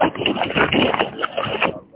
Thank you.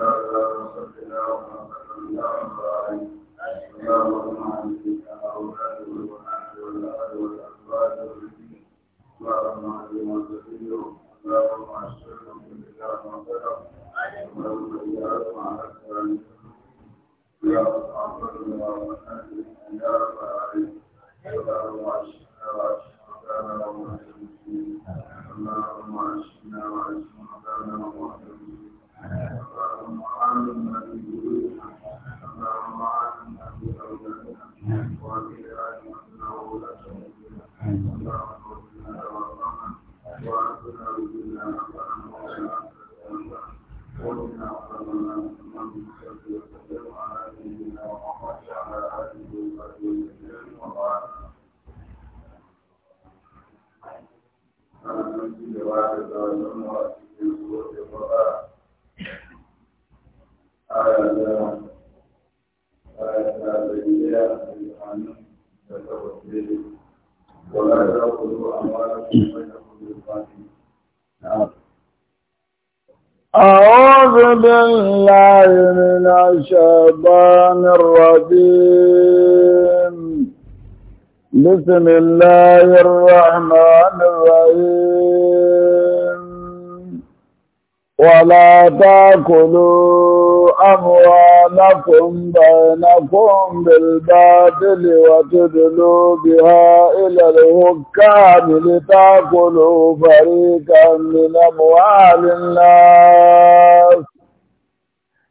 another بسم الله الرحمن الرحيم ولا تاكلوا أموالكم بينكم بالباطل وتدلوا بها إلى الحكام لتاكلوا فريقا من أموال الناس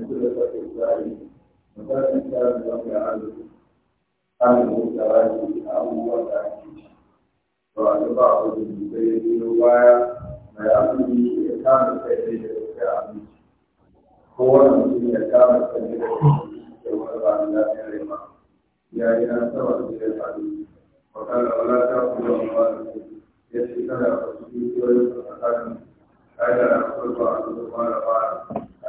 مثل فتح الزاري وذات الكتاب وفي عدد عن المتواجد أبو وتعكيش وعن بعض المبين رواية ما يأمني إقامة كيفية وفي عدد هو المسلم إقامة كيفية وفي عدد لا يعلم يا إلى سوى في الحديث وقال ولا تأخذ أموالكم يشفي لنا فسجود ويسر مكانكم أين أخذ بعض الأموال بعض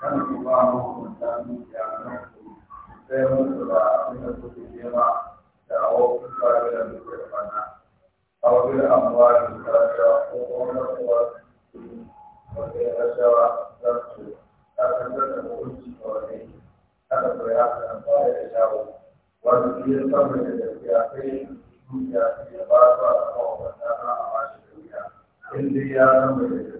kada ku sai kuke nema da awo kuka da duka da bana a wajen amma da karasha ko a a wata da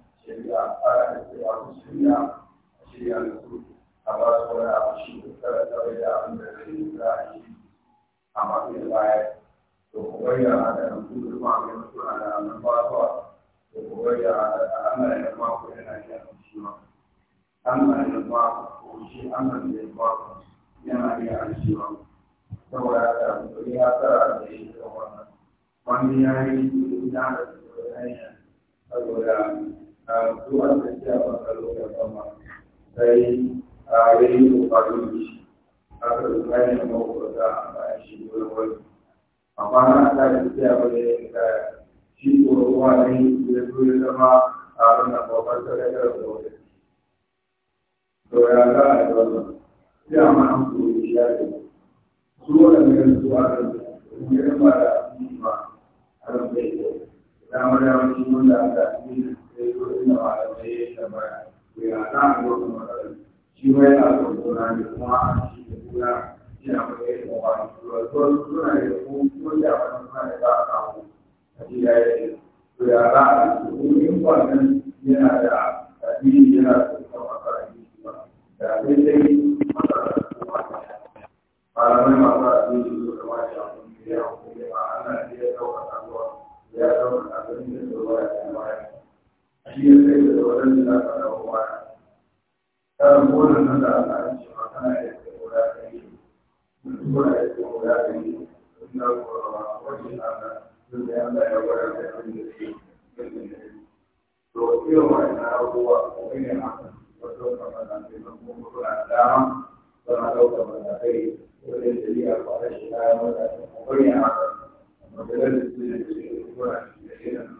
shirya fara da shirya a shirya da su a ba su wani abu shi da tsara da abin da zai yi za a yi a matsayin baya to ku da nan ku mai mutu a nan ba su to ku bayyana da Allah ya ba ku yana iya shi ma Allah ya ba ku shi Allah ya ba ku yana iya shi ma saboda haka ya tsara da shi da wannan wani ya yi da da saboda zuwan da ke a bakalo da sama sai a yayi kokarin da shi aka zuwa ne mawakwata a bayan shi dole wani amma na ta da ke a bayan ka shi ko ruwa ne ya ya zama a wannan babban sadakar da wani to ya a yi wannan sai ya ba da ba a kan bai da dama da wani shi wanda aka lokacin da malamai ya tambaya to ya za a yi matsalar shi ma yana son gona ne kuma a da gona yana kuma yin kwanu to suna da kuma kuma da suna da a samu a ci ya yi to ya za a kuma to kwanan yana da addini yana da kuma matsalar ba da sai dai matsalar kuma malamai masu addini wurin da aka rawa ta rabuwar nan da aka ba kana da ke guda da yi mutuwa da ke guda da yi na kowa wajen ana sun da yanda ya gwada da yin da shi to irin wannan abubuwa ko ne haka wato kamar nan da kuma mutuwa da dama suna ɗaukar matakai wajen shari'a ba a shi kayan matakai ko ne haka matsalar da su ne da shi da shi da shi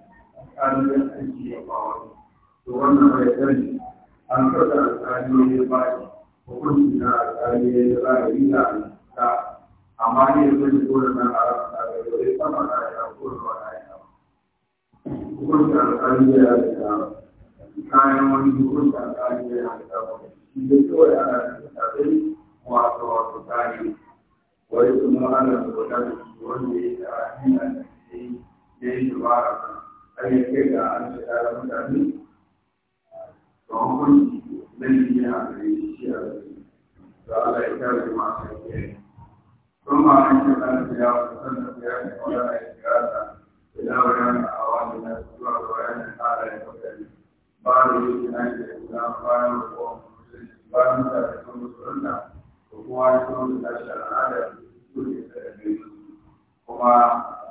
ƙalubalantar shi ya bawa to wannan bai sani an kasa alƙali ya ba shi hukunci na alƙali ya ba da rila ta amma ne ya zai dole na arabta da yau ya sama na ya ko ruwa na ya hukunci alƙali ya da kayan wani hukunci alƙali ya da shi da kawai ana da tsarai wato wato tsari wai kuma ana da wani wanda ya da hanyar da ya yi dubara har ya kai ga an ce ya rabu ba hukunci nan ne a gare shi a gare da Allah ya kare ma sai ke don ma an ce an ce ya kusan da ya ne wala ya kira ta ila bayan a wani na zuwa ga bayan ya ba da yi na ke guda bayan ko bayan mutane sun musulunta ko kuma ya sun da tashi al'ada su ne da kuma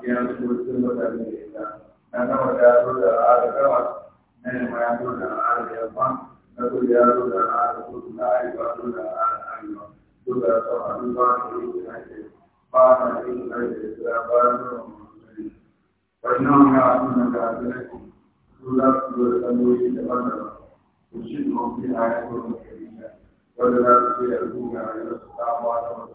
ya sun da ya na sama ta zo da al'ada gaba na nema ya zo da al'ada yamma na kudu ya zo da al'ada kudu na arewa zo da al'ada arewa zo da sama duk ba su yi da ake ba na yi da ake da ba na zuwa musulmi wannan ya suna da al'ada su za su zo da kalmomi daban-daban su shi da mafi a yankunan musulmi wanda za su iya rubuta a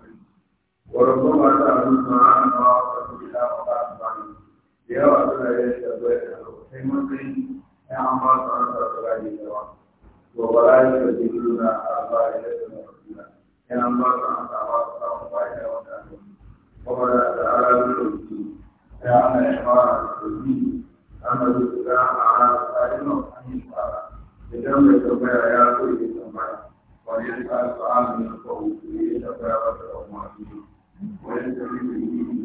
وربما تعلمنا أنها قد إلى مقام da yawa suna yin shagoya da sai matsayin ya an ba su an sa su gani da wa to ba za yi da jiru na alfahari da su na ya an ba su an sa ba su samun bayan da wata kuma da tsara lokaci ya ana yi fara da bi an da su ga a rana tsarin nan an yi fara idan mai tambaya ya so yi tambaya wani ya sa su an yi kawo su yi tambaya ba su da umarni wani ya sa yi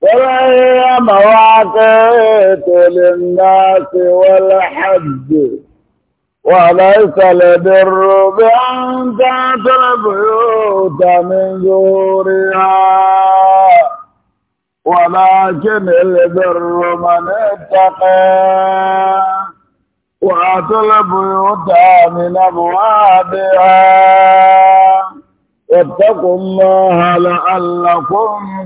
وهي مواقيت للناس والحج وليس البر بأن تأتي البيوت من زورها ولكن البر من اتقى وأتى البيوت من أبوابها واتقوا الله لعلكم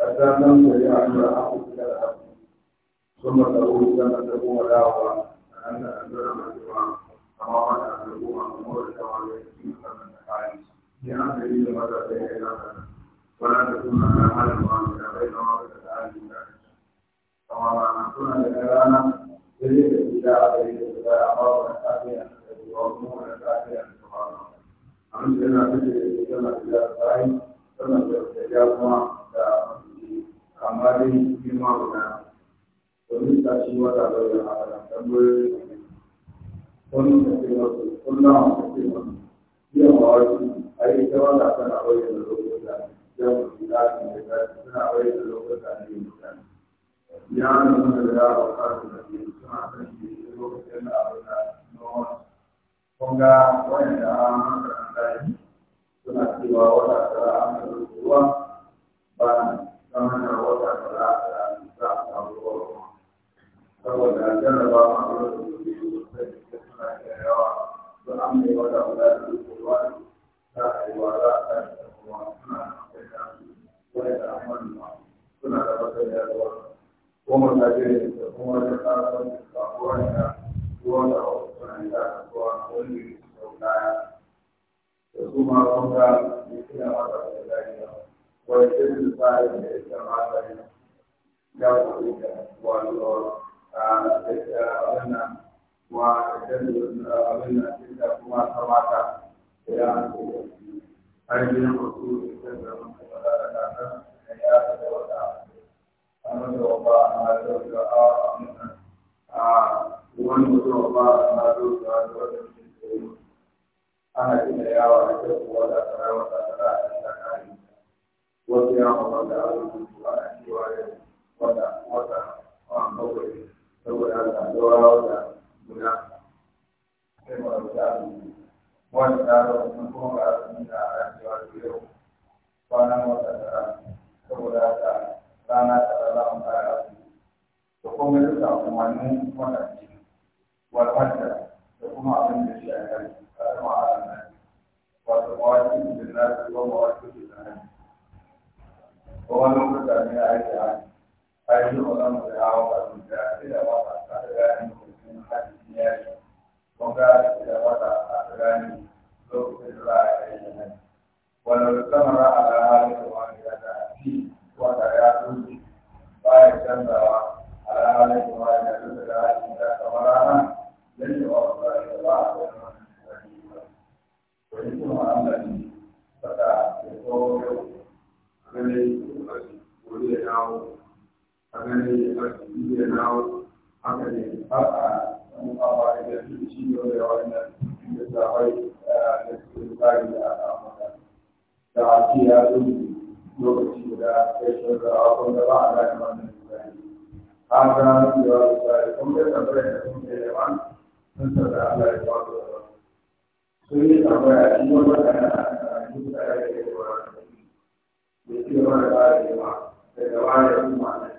حتى ننصر أن أخذ الأب ثم تقول كما تقوم دعوة أن أنزل مجموعة تماما أن تقوم أمور التوالي في مثل النحاية لأن دليل مدى بيننا ولا تكون على حال المعاملة بين مدى الآل تماما أن تكون لأننا دليل الإبداع دليل الإبداع أمر الآخرة وأمور الآخرة أمس إلى مثل الإبداع الإبداع الإبداع ثم الإبداع da kama dai girma guda domin ta shi wata bayan haka tambayoyi wani ta ce wasu kullum ta ce wasu biyan mawaki a yi ta wata tana bayyana lokuta yan mutu da suna bayyana lokuta ne mutane ya nuna فإن أظن بالعوضة من إلى وضع أدراني من حد الناس وقال إلى وضع أدراني ذوق الرأي أيضا ولو استمر على هذه الواحدة فيه وضع يأخذ باية جنبها على هذه الواحدة ذوق الرأي إذا استمرها لن يوصل إلى الله ويكون عملي فتح يصور يوم عملي ويعود haka ne a cikin yana nawo haka ne har a wani bawa da ya fi shi yau da eh, da sahai da tsari da aka mata da a ce ya zo lokaci guda ya shirka a wanda ba a da wannan tsari har ga nan da wasu tsari kun ga tambayar da kun ga yawan sun sauka Allah ya ba su da sun yi tambaya shi ne wata na a cikin tsari da ya ke wani da ke wani tsari da ya ba da da kuma na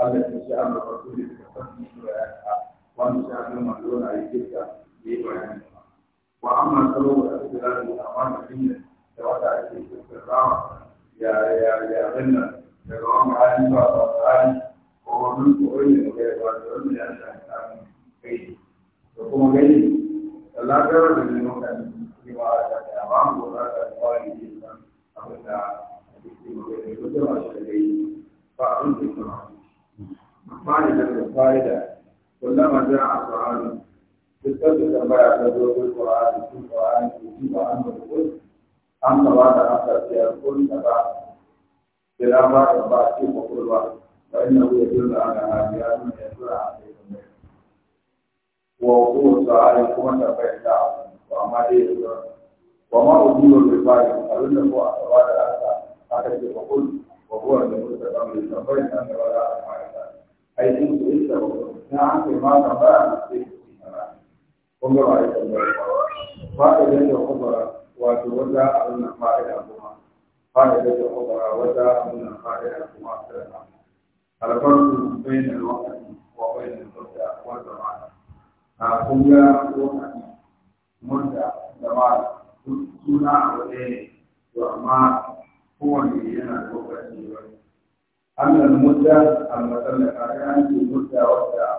التي جاء من الرسول بتصديق ويسعى وان شاء الله مدعون عليه تلك بيعلمها واما سلوك الاختلاف والامام الدنيا توضع في الاستقرار يا يا يا غنى يا غرام عالم وعالم وهو من فؤول وغير والعلم لان الانسان كيد وهو كيد لا جرم ان يكون سوى الامام وذاك الوالد الا ابدا في وغيره وجمع شيئين ba a da ya ba ne da fa'ida kullama jira a ƙur'ani duk da tambaya ta zo da ƙur'ani cikin ƙur'ani ko ji ba an da kuɗi an ka ba da an ka ciyar da ba kira ba da ba ce ba kuɗi ba ba ina wuya jin da ana hariya sun ya jira a kai da mai wa ko sa'ari kuma tambaya ta ba amma dai ya jira Ba ma ba bai bayan abinda ko a saba da aka aka ce ba kuɗi وهو المستقام للسفر أن ولا أفعال حيث سئلته نعم في ماذا فعل في انظر على فائدة الخبراء وتوزع على فائدهما فائدة الخبراء وزع على فائدهما سلام الفرق بين الوقت وبين المدة والزمان قم يا وقت مدة زمان suna a wane to amma kowane yana da أن المدة المتلقة كانت المدة وسع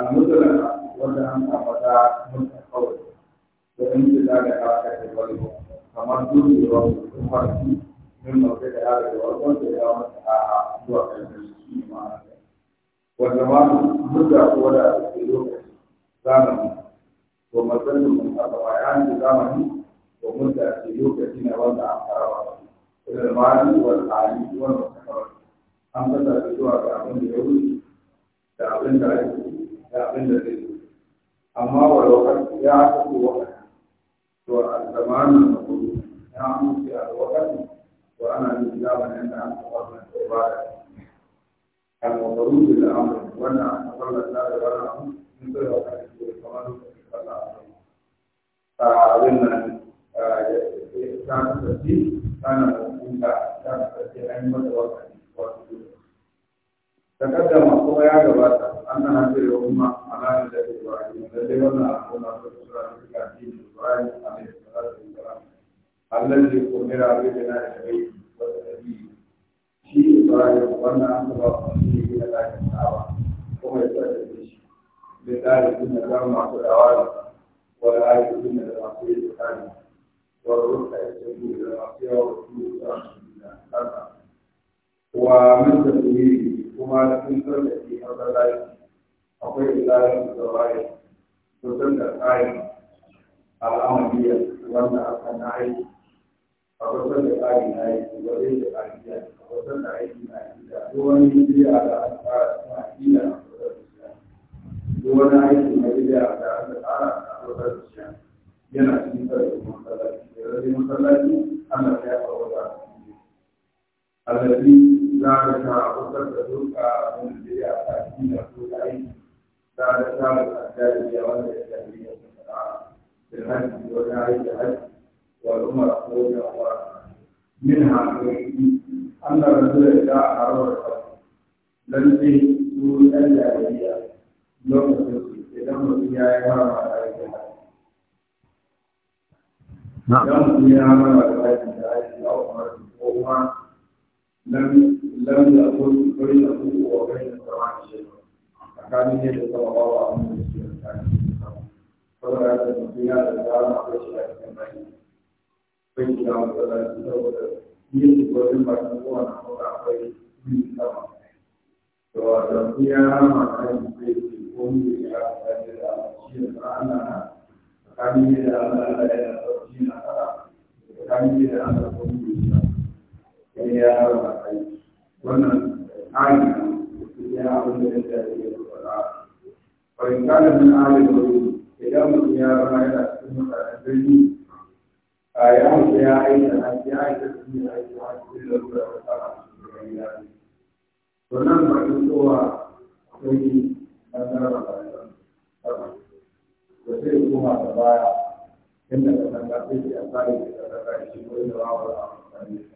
المتلقة وسع أن أبدا متحول وامتداد حركة الوجه دون الوقت الفرد من مدة هذا الوقت إلى مسعى وقت المسكين معنا والزمان مدة أولى في الوقت زمني ومثل من الروايات زمني ومدة في الوقت وضع حرارة إلى المعاني والعالي والمسعى an fasa da zuwa ga abin da ya wuce da abin da ake da abin da zai wuce amma walau ya aka ko wakati to a zamanin da kuma ya amince a wakati to ana yin zamanin da aka fasa da ibada al-mawdu'u da amr wannan an fara da wannan in sai wakati ko kamar da abin nan ta kasance ana da ta kasance an yi mata wakati تقدم هو يا جماعة أن هذه الأمة على ملة إبراهيم الذي وضع أمنا في الصلاة في إبراهيم عليه الصلاة والسلام الذي أمر ببناء البيت والنبي شيء إبراهيم وأن أنظر فيه إلى ذلك الدعوة وهو يسأل به لذلك إن الله مع الأوامر ولا يكون من المعصية الثانية والركع يسجد إلى المعصية والرسول صلى الله عليه وسلم wa min tasiri kuma sun tsallake masallaci akwai ilayen da bayan sosai da tsarin al'amaliyya wanda aka na aiki a kusan da tsari na aiki wajen da ajiya a kusan da aiki na ajiya duk wani bidiya da aka tsara suna ajiya a kusan da shi duk wani aiki na bidiya da aka tsara a kusan da shi yana cikin tsari masallaci da rage masallaci ana shafa wata التي لا تتعرض تدرك من البدع تأثير كل عين بعد سابق الداعية في بالحج والنعي بالحج والأمر والأمر منها أن الرسول إذا أراد الحج لم ألا هي يوم الرسول إذا مرتيا يهرم على الحج نعم. يوم القيامة والحج بالحج أو أمر لم لم يكن بينه وبين القرآن شيء فكان يجد صلى الله عليه وسلم فلا يستطيع الإسلام على شيء كما فإذا ولا يستطيع يجب أن يكون هناك من السماء وتنفيها مع أن يكون بأسفل فكان يجد أن لا يستطيع فكان يجد أن يكون بأسفل sai ya raba kai wannan ya abin da ya shafi ya fara da kana min alin wani idan mutum ya rama yana cikin mutanen birni a ya da ya aika na ya aika da ne aiki a cikin da ruwa da tsara da gida to nan ba ta tsowa akwai ɗan raba kai da sai kuma da baya inda ka san ka sai ya tsari da ka tsara shi ko da wawa a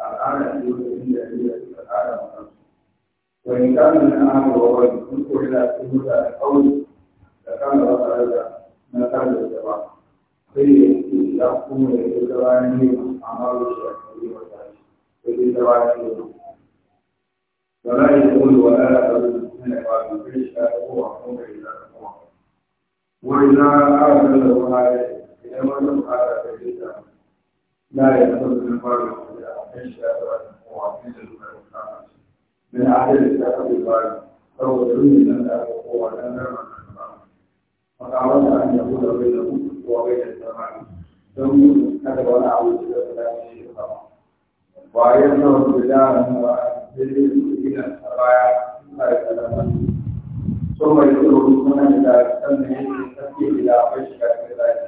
أعانت إلا إلا سبحانه وإن كان من أهل وغير ينظر إلى سهولة القول لكان رسالة مثال الجواب في يحكم بالجوانب أعمال الشيخ وفي جوانب ولا يقول ولا يقول من عباد الجيش هو حكم إلى الله وإذا أعلن له هذا إلى ما لم أعلن لا يدخل من قبل من أحد الكتاب البارد فهو ظلم أن لا يقوى أن لا وتعرض أن يقول بينه وبين السماء ثم كتب على عود الثلاث شيء وأيده بالله أنه إلى السرايا لا يتلمس ثم يدعو من إلى السمع تسقي إلى عشق كذلك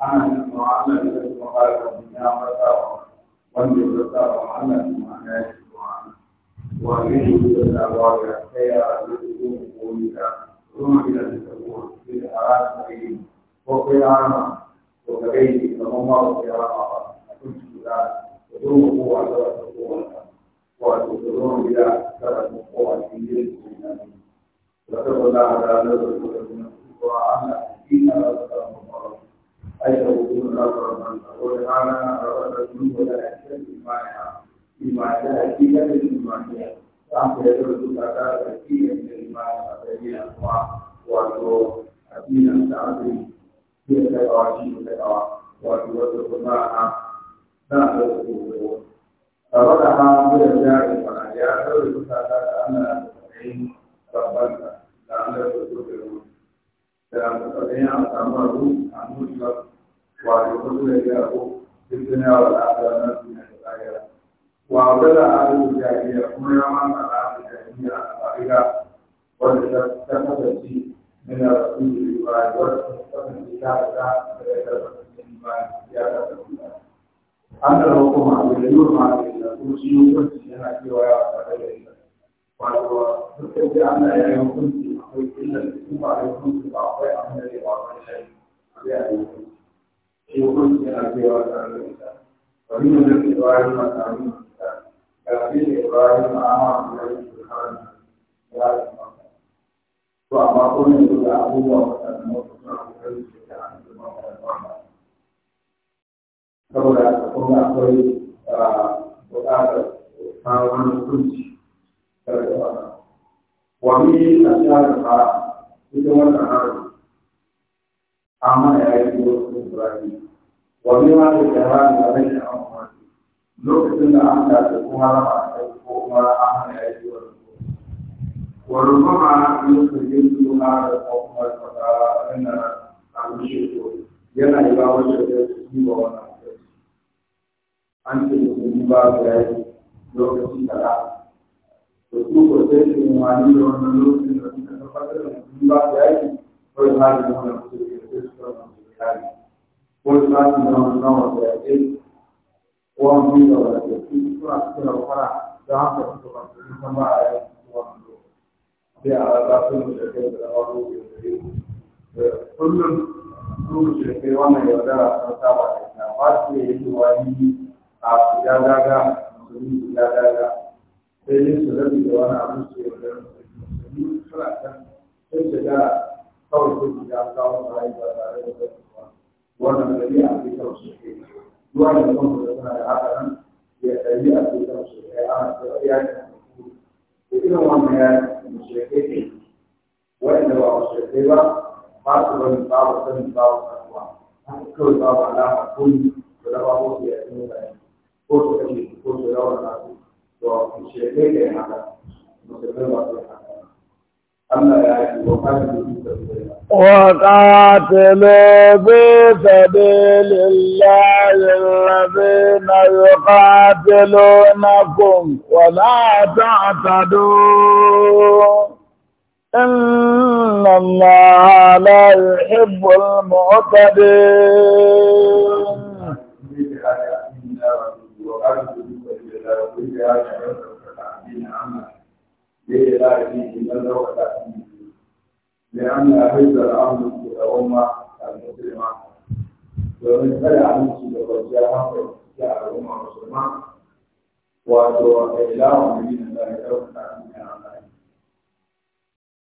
ana kuma ana da su fara da ya fata wanda ya fata wa ana kuma ana ya kuma wa ne ne da ba ga kai a da su ko ni da kuma ina da ko da ara da yi ko kai ana ko da kai ne da mamma ko ya ba a kun ci da ko ko wa da ko wa wa to ko ni da da ko wa ni da ko ni da da da da da ko ana ina da ko Dalam kesempatan yang sama, Ruh رسول يعقوب في الدنيا والآخرة والناس من الآخرة وأضل أهل saba da ita ba su ne yake wani a guda gaga musulmi guda gaga sai dai su da wani abu su da musulmi suna sai su ga kawai su kawo su ba tare da ba wannan gari a cikin su ke da kuma da suna da haka nan ya ɗari a cikin su ke ana da ya da irin wannan ya musulmi ba musulmi ba ba su babu sanin babu kawai ba ba na hakuri da raba yi ko na su da ya في سبيل الله الذين يقاتلونكم ولا تعتدوا إن الله لا يحب المعتدين لأن أحب الأمر الأمة المسلمة ومن وأدعو إلى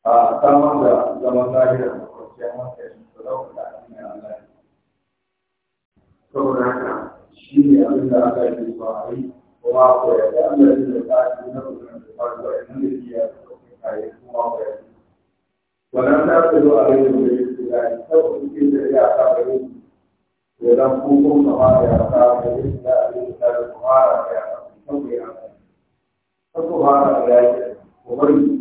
a samar da zaman lafiya da kwanciyar hankali da ɗaukaka addinin Allah ne. Saboda haka shi ne abin da aka yi ba a yi kuma ko ya ga Allah ne da ta na kusurin da ta zuwa inda da da kwanciyar kayi kuma ko ya yi. Wannan ta fi zuwa a yi da ya fi gani saboda suke da ya ta ba yi da zan kukun kama ya ta ba yi da abin da ta da kuma ya ta saboda ya ta. Saboda haka ya yi, ko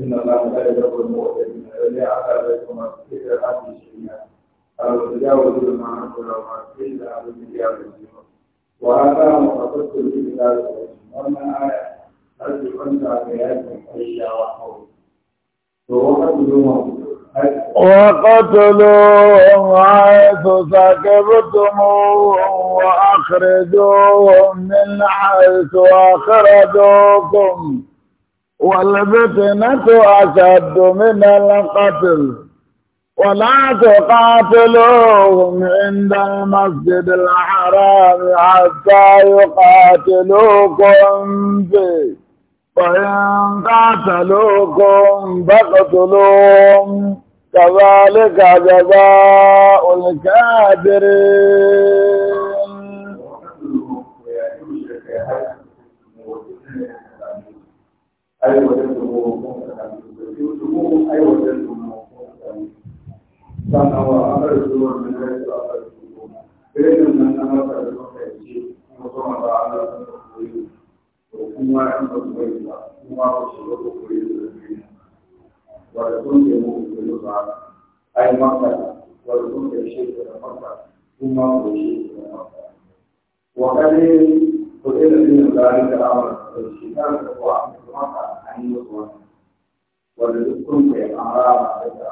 إن الله لا يدعو المؤمنين إلا على بيتهم في الأرض شيئا أو تجاوز ما أنزل الله إلا على المليار وآتاهم فقدت بكتابهم وما آية هل كنت آياتهم إلا وحول وقتلوهم حيث سكبتموهم وأخرجوهم من حيث أخرجوكم والفتنة أشد من القتل ولا تقاتلوهم عند المسجد الحرام حتى يقاتلوكم فيه وإن قاتلوكم فاقتلوهم كذلك جزاء الكافرين ai wajen dubu dubu ai wajen dubu sannan wa amara zuwa min kai su amara dubu irin nan na masa da maka yace musamman ba an zata da koyi to kuma in ba su bai ba kuma ba su ba koyi da zai wanda sun ke mu koyi ba ai maka wanda sun ke shi da maka kuma ko shi da maka wa kare ko irin da zai amara shi kan ko a wani duk kun kai an duk da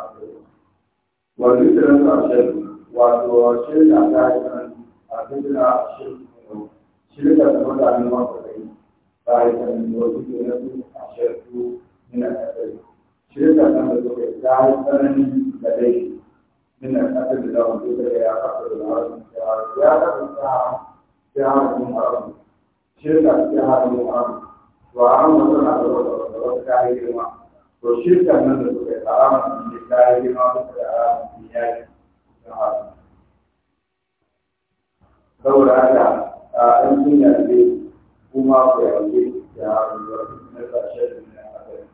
wato shirka ta yi a fitila ta yi wasu na su da da ya ta a wasu da wata wasu kayan girma to shirkan nan da suka yi haramun ne kayan girma suka yi haramun ne ya yi na haramun saboda haka a an sun yanzu kuma ku yanzu ya haramun da wasu na sashen da na asali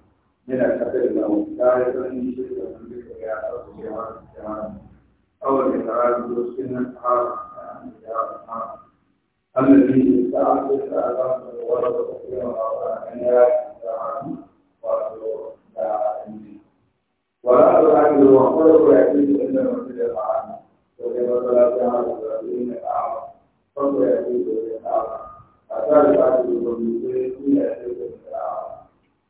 yana kasar da wasu kayan sanin shirkan nan duka ya ɗauke haramun ya haramun أول إقرار الدروس إن الحرام يعني إقرار الحرام الذي استعمل الأمر ورد فيها وأنيات ولا تؤكد وقل يأتيك إلا مسجد العالم وكما صلاة على الذين أعمى فقل يأتيك إلى الأعمى أتى يؤكد بالمسجد إلى يأتيك إلى الأعمى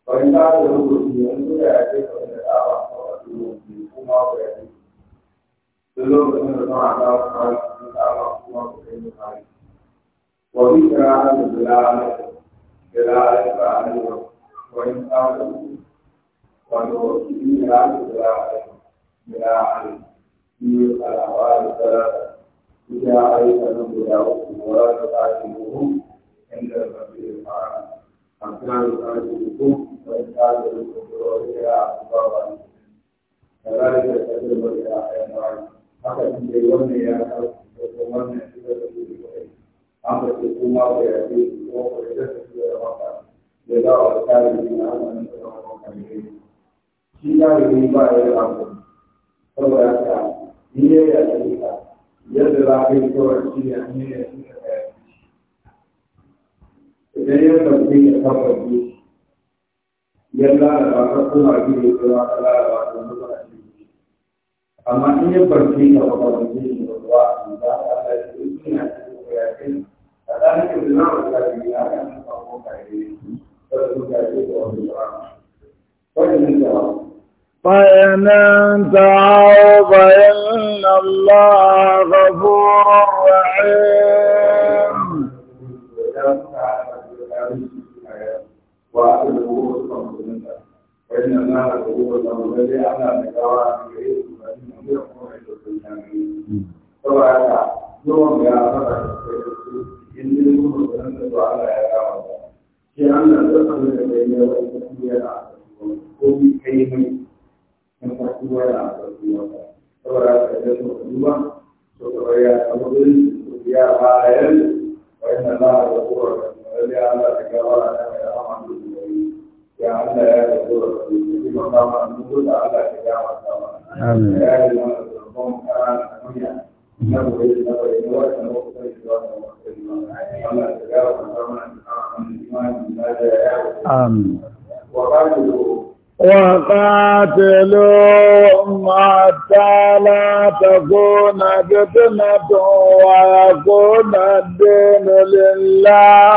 وإن تعجبه بالمسجد إلى يأتيك إلى الأعمى فقتلوه فيكما ويأتيك تلوك أن الله تعالى سبحانه وتعالى وفي قراءة بلال بلال بلال وإن قالوا ونوكي بلال بلال بلال في الأحوال الثلاثة إذا أيقنوا بدعوتهم ولا تقاتلوهم عند المسجد الحرام حتى يقاتلوكم وإن قالوا لكم إلى أصحاب كذلك تدعو إلى حيوان حتى تنتهي يا حسن وتمنى إلى an ba ce kuma ba ya ce ko ko da su da da za a tsari ne na wannan da kuma kan ne shi da ne ba ya yi abu saboda haka ni ya ya ce yadda za ka yi kawai shi ya ne ya ce ka idan ya tafi ya tabbaci ya lalata ka kuma a gidan kuma ka lalata ka kuma amma in ya barci ka ba ka da ne ba ba a gidan da ta ce ina فإن انتهوا فإن الله غفور رحيم وإن النار الذي أعلى بكرامة فإنه يقوم بالدنيا طبعا يوم يا رب in dai kuma ba da ba Allah ya kama ba shi Allah da san da bai ya wani kuma ya ko bi kai mai na fasuwa ya fasuwa saboda ka da su duba to ka bai ya abudin ya bayan wai na la da ko ya Allah da gaba da mai amana da ya Allah ya da ko shi ma ba ma da Allah ya kama ta amin ya Allah da kuma kana da وقاتلوا وقاتلوهم حتى لا تكون فتنة ويكون الدين لله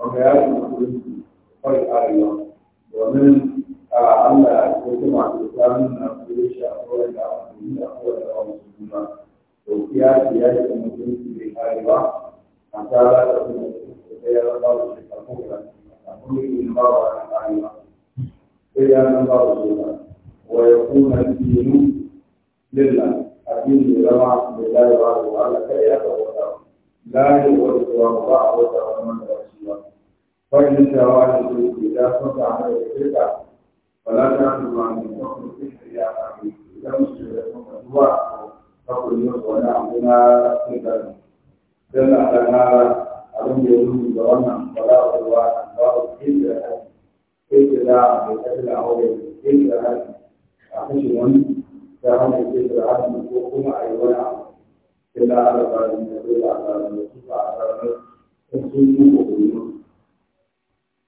وبيان المسلمين خير الله ومن على يجمع الإسلام في شهور العالمين أول المسلمين وقيادة يجب المسلمين في هذا الوقت حتى لا تكون الخير الله شكرا تكون المرأة العالمة إلى أن الله ويكون الدين لله الدين لله بالله وعلى كيف لا يولد الله وتوامر 欢迎小伙伴，就是大家放假还有休假，本来想什么你放出去一下，你休息的从初二到过年过年，这个这个刚刚，还有点工作呢，本来就是说，然后提前提前啊，提前两个月，提前啊，啊，今年在后面提前啊，多快一点，现在这个就是讲的，就是讲的，很辛苦。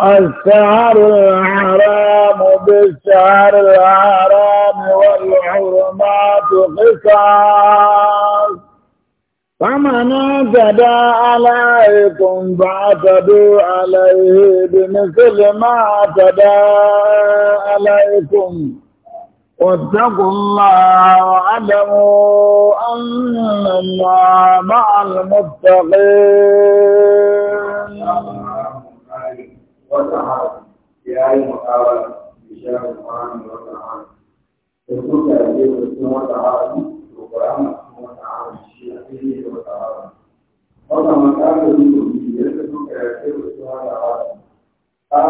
الشعر الحرام بالشعر الحرام والحرمات قصاص فمن اعتدى عليكم فاعتدوا عليه بمثل ما اعتدى عليكم واتقوا الله وعلموا أن الله مع المتقين اللَّهِ وَتَعَالَى يَا أَيُّهَا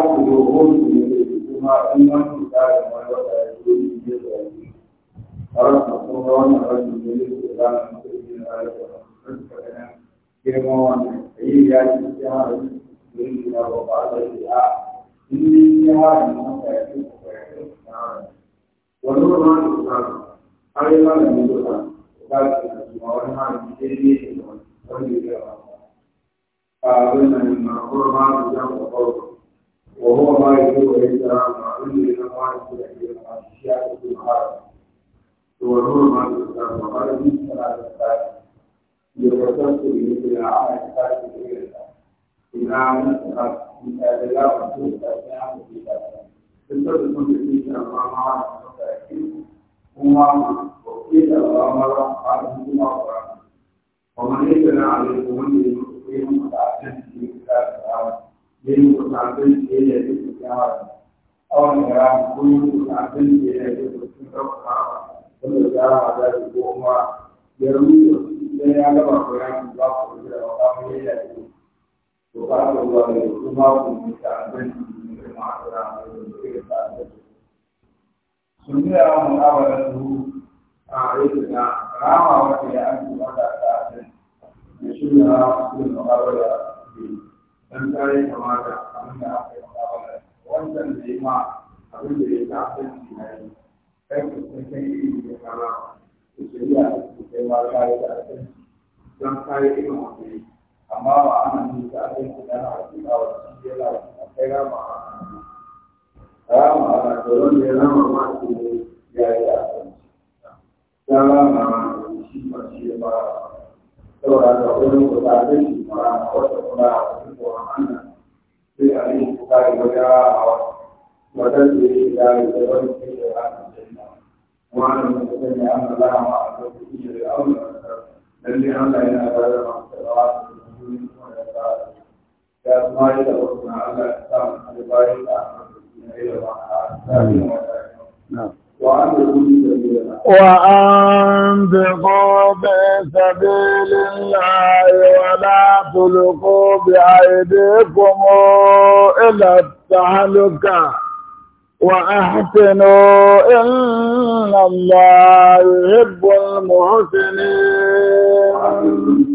الْمُؤْمِنُونَ kuma in nan ku da wani wata ya zo yi ne da yi har da kuma wannan rashin ne da za mu yi da rayuwa girman wannan yi ya ci ya haru da yi na babba da shi a in ne ya haru na ka yi ku ka yi na haru wani wani ku ka har yi mana ne ku ka ba su da kuma wani haru ne ne da wani wani ya ba a wannan na وهو ما يجب الإسلام وعلي الأموال التي الأشياء في العالم وهو ما يسلم وقال في ثلاثة يتصل بمثل في العالم إلى عمل الفاتح من أدلاء رسول الأسلام في ذلك تتصل بمثل الأموال المتأكد أمام وقيل الأمر عنهما ومن يجعل عليكم من المسلمين عليه في كتاب العالم yin kusafin da ya yi kusawa awon yara kun yi kusafin da ya yi kusawa wanda za a da goma ya rubuta idan ya gaba koyan ba ku da wata ya yi to ba ku zuwa da kuma ku kusafin da ma'adara da ya yi sun yi yawan mutawarar su a rikin na rama wata ya an kuma da ta da shi na kuma da ya yi dan tare da abin da aka yi mukabala wannan da ya ma abin da ya ta sanci na yi kai ku san kai iri da kama ku shirya ku kai ma kare da sanci don kare amma ba ana nuna ta sanci na hakika wa shi yana kai rama a rama a tsoron da ya rama ma su ne ya yi a sanci ya rama ma shi ma shi ya ba saboda da wani kusa sanci ma wata kuma tsoron Allah sai a yi kuka da wata hawa wata ce ya da da an a kan kuɗi da auna lalle da rawa da kuma da na bayan a a tsarin وأنفقوا في سبيل الله ولا تلقوا بأيديكم إلى التهلكة وأحسنوا إن الله يحب المحسنين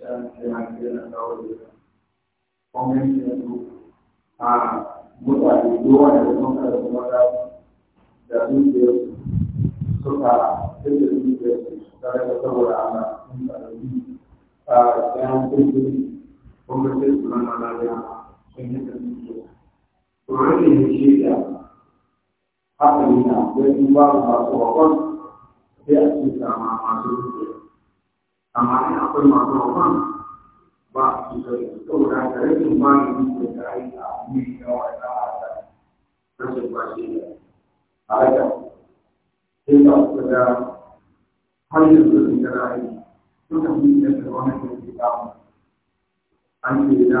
a mutane yawa da sun kada kuma da da dukiyar suka tsaye dukiyar su tare da saboda ana sun karbi a tsayan kudi kuma su nan na lafiya sun yi da dukiyar to rage ne shi da haka na wani babu masu wakon sai a ce sama masu dukiyar amma ina akwai masu rufan ba su sai saboda da rashin magani da ta yi a mai yawa da ta rashin kwashe da halatta sai ta kuka da har yanzu sun ta ra'ayi suka yi da ta wani da ke samu an ce da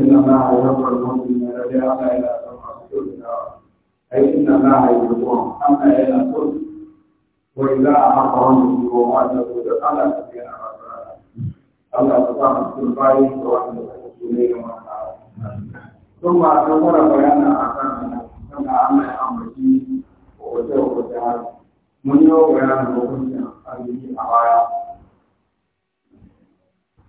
إن الله يغفر المؤمن الذي أتى إلى الرسول أي إن الله يغفر أما إلى الرسول وإذا أعطاهم وعده دخل في الله سبحانه وتعالى وحده سبحانه وتعالى ثم أتمنى بيان أحكام كما أما أمرتي ووجهه تعالى من يوم بيان الرسول أبيه أعياه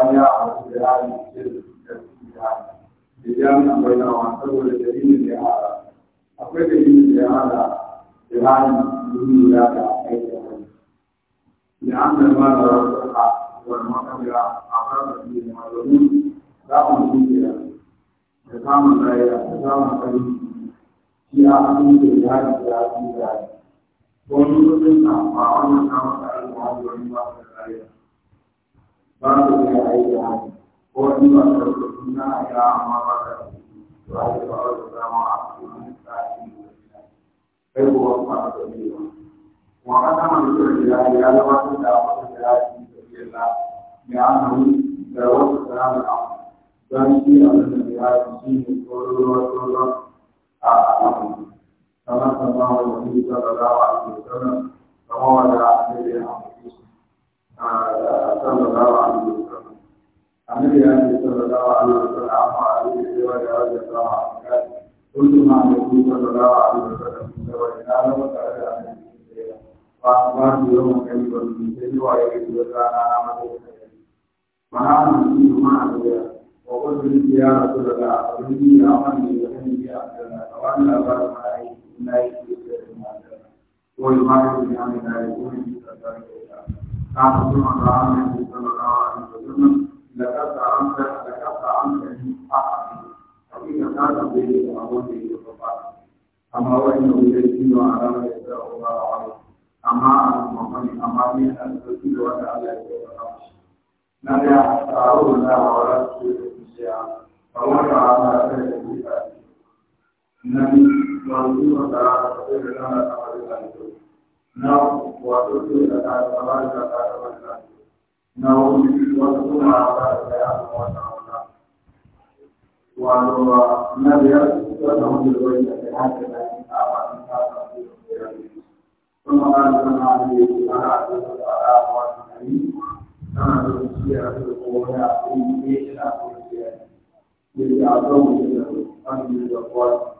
an ya abu da hali da da da jami'a bainawa saboda dalilin da ya hada akwai dalilin da ya hada da hali duniya da aiki da an da ma da rasu a wani makamira a kan da ke mazauni samun dukiya da samun rayuwa da samun kari shi a abin da ya hali da ya fi da wani mutum na ba wani samun da wani ba da rayuwa za su iya aiki a ko in da suna a yi amma ba da su a yi ba da dama a cikin kai kuwa da ya gabatar da da da ya ci a alamu kamar da kamar wanda ya ya a alaihi wasallam annabi ya ce sallallahu alaihi wasallam yawa da ma da ku sallallahu alaihi ba ba kai ba yi na قال ثم أما وإنه يزيد على ما يدعو الله عليه أما المؤمن أما من الرسول ولا على نبي الله ورسوله من شيئا فوقع النبي موضوع تعالى فقير لنا تقريبا Now, what to do that I have learned that I have learned. Now, what to do that I have learned that I have learned. وأنا بيرد أنه يقول لك هكذا أعمل ثم قال لنا عليه على الآراء والمعاني كما تنسير في القول في إيش أقول فيها للأعظم من القلب والقلب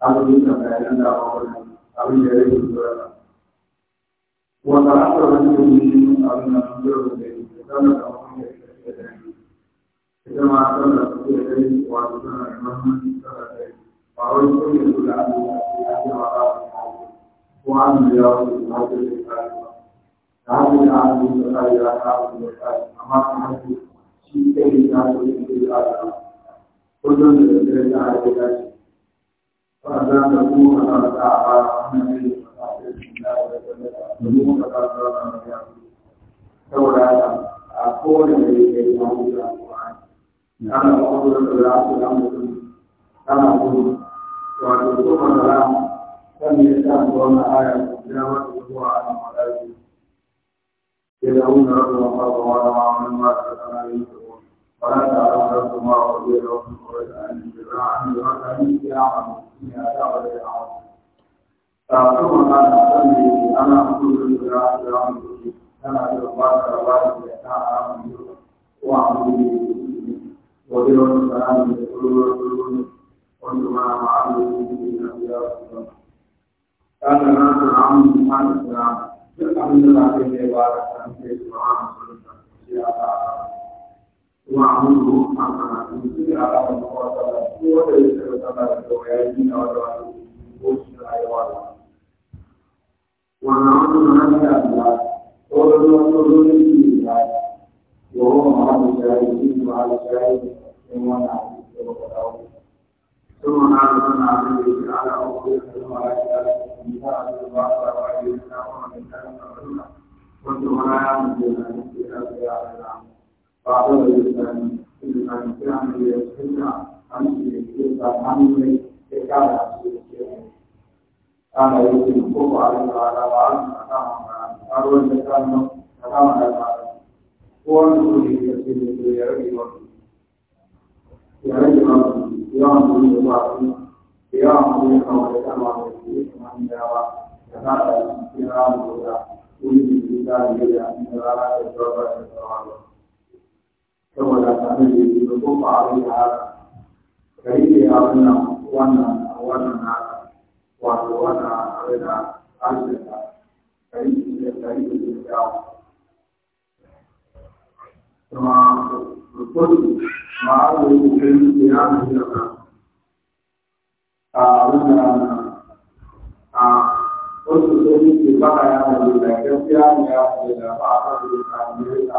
abin da bayanan da wannan abin da ya yi zuwa wanda aka wani da yi abin da sun zuwa da yi da sanar da wani da ya da ma da su ya yi wato sanar da mahimmanci sanar da yi ba yi zuwa abin da ya wa ba ko an da ya wuce da hajjar da ya yi da hajjar da an yi da ya yi da hajjar da ya yi amma kan hajjar shi yi da ya yi da ya yi kullum da da ya yi da ya فأنا تكون على الأعراف النبي saboda a kowane da ya ke yi mahu da Al-Qur'ani. Ana mahu da da za su da mutum, ana gudu, wato su manara kan yi sa ruwa na aya da wata zuwa a malayu. Ke da wuna rabu ma faɗa wa da ma'amun ma da sana yi su wani. Wani da rabu rabu ma wa zai rabu da wani da an yi da wani da ya ma'amun. الحمد لله رب العالمين وعمله حقا يطيع الله تعالى وليس تعالى ويأتينا وتعالى وسنا يوالا ونعوذ بك الله ونعوذ بك الله وهو مع الشاهدين وعلى الشاهدين ومن ثم نعرضنا عليه على أوقات الملائكة من بعد البعث وعلمنا ومن كان مغلوبا كنت ولا يعمل بما نسي أبدا على العمل father is um, in the family of Krishna, and he is a family, the God of the Tana yi yin ko ba da ba da ba a kama mana, a ruwan da kano, a kama da ba da. Kowane kuri ya ce da ke ya rage wa su. Ya rage wa su, yawan kuri da ba su, da yawan kuri da kama da kama da su ya kama da yawa, da ta da su kira da wuta, kuri da su ta da yadda, da rana da sauran da sauran. saboda abin da yake ko ba a yi haka kai ne a wannan wannan wannan haka wato wannan abin da Ka yi ne kai ne da yawa kuma rukun ma a yi kai ne ya ne da a wannan a wasu sun ke baka ya ne da gaskiya ne ya ne da ba a kan da ya ne da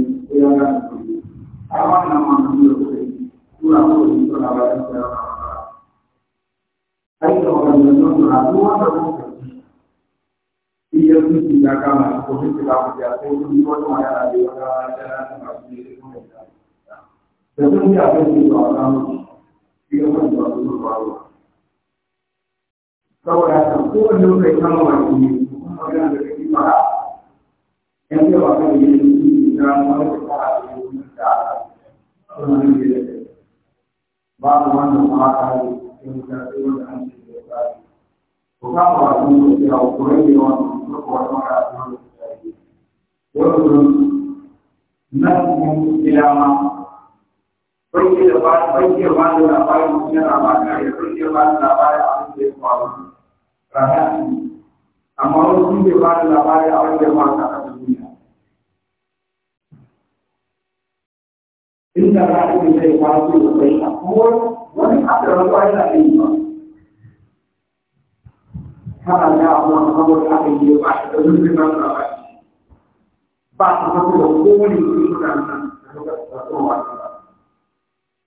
ya gane kuɗi har wannan masu da kuɗi suna kuɗi suna bayan da yawa ai da wannan suna duk wanda kuka ci iya kama ko kuɗi ba ku ya sai kuɗi ko kuma yana da wata jana ta masu da kuma ya da sun ya kuɗi ba a samu shi ya kuɗi ba su ba ba saboda haka kowane lokaci kama wani ne kuma magana da kake fara yan yawa kan yi babu wannan mata ne cikin karfi wanda da ba su da bai ba labari ba da a cikin faru da ka إن الرأي الشيطان يلقي الصور ومن أثر الرأي الأئمة كما جاء الله الحقيقي بعد ذنب من رأي بعد فضل قول في كلام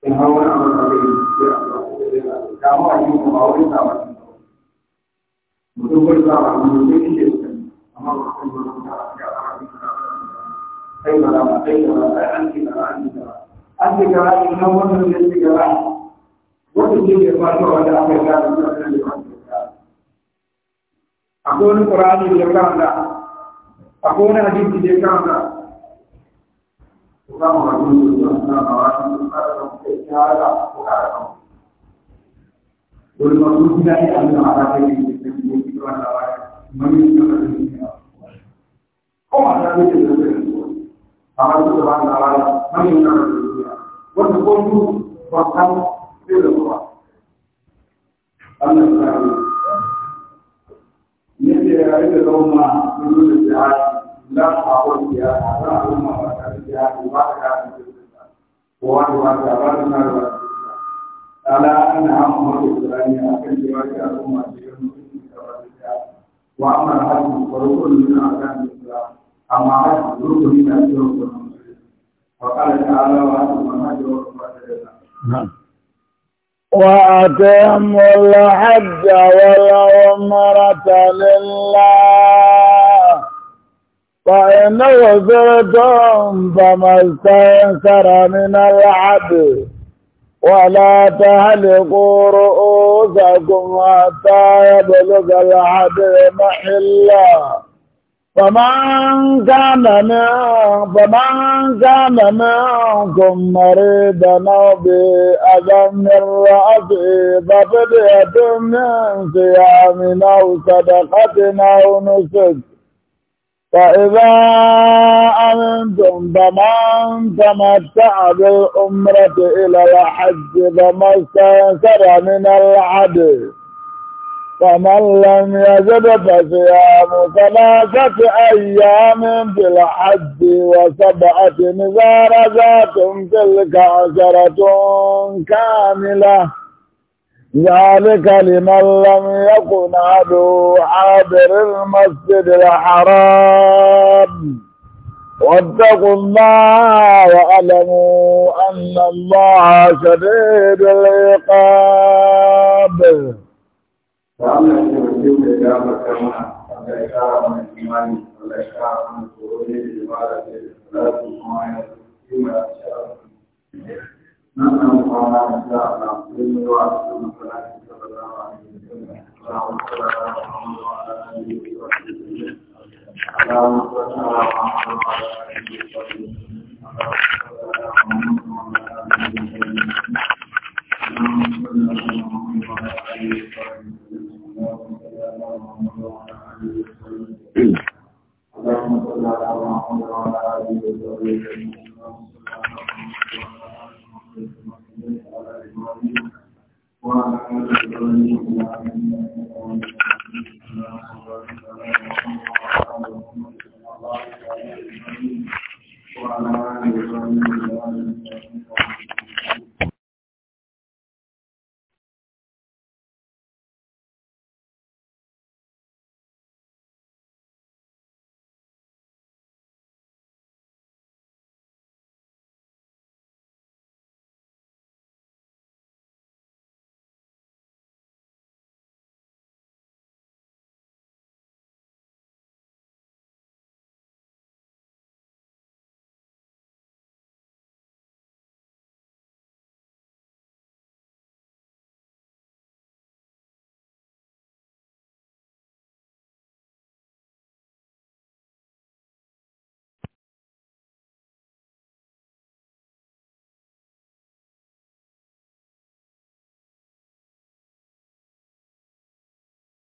إن هو أمر الذي كما يقول أولي سامع مدخل سامع من ذلك أما الله سبحانه وتعالى أي ملامة أي ملامة أنت ملامة an ce gaba ne nan wannan zai ce ke da fata wanda aka yi gaba da wannan akwai wani ƙurani da ya karanta akwai wani hadisi da ya karanta kuma ma duk ba wannan ma wannan da ke tsara ko karanta wani ma duk da ya Allah ma ta yi da ke cikin wannan labarin mamin da ta yi ko ma ta yi da ta yi amma duk da wannan labarin mamin da ta wanda ko su ba san sai da ruwa Allah ya yi ne da ya yi da zama mun da jihadi la a ko ya ba a umma ba ta jihadi ba ta da kowa da ba ta ba ta na ba ala an amma da ba akan cewa ya umma da yin da ba ta wa amma al-hajj farqul min ba. amma al-hajj rukun min al-hajj وقال وأتموا نعم. الحج والعمرة لله فإن وزرتم فما استيسر من العبد ولا تهلكوا رؤوسكم حتى يبلغ العبد محله فمن كان كان منكم مريضا او بأذى من رأسه ففدية من صيام او صدقة او نسك فإذا أمنتم فمن تمتع بالأمرة إلى الحج فما استيسر من العدل فمن لم يجد فصيام ثلاثة أيام في الحج وسبعة مزارزات تلك عشرة كاملة ذلك لمن لم يكن عدو حاضر المسجد الحرام واتقوا الله واعلموا أن الله شديد العقاب Allah ya taimake mu da gafarta mana Allah ya kara mana imani Allah ya kara mana tsoro ne da ibada da salatu kuma ya yi mu ya sha nan nan kwana da za a na kuma yi wa su masalaki sallallahu alaihi wa sallam اللهم صل على محمد وعلى آله وصحبه اللهم صل على محمد وعلى آله وصحبه اللهم صل على محمد وعلى آله وصحبه Wa'alaikumsalam.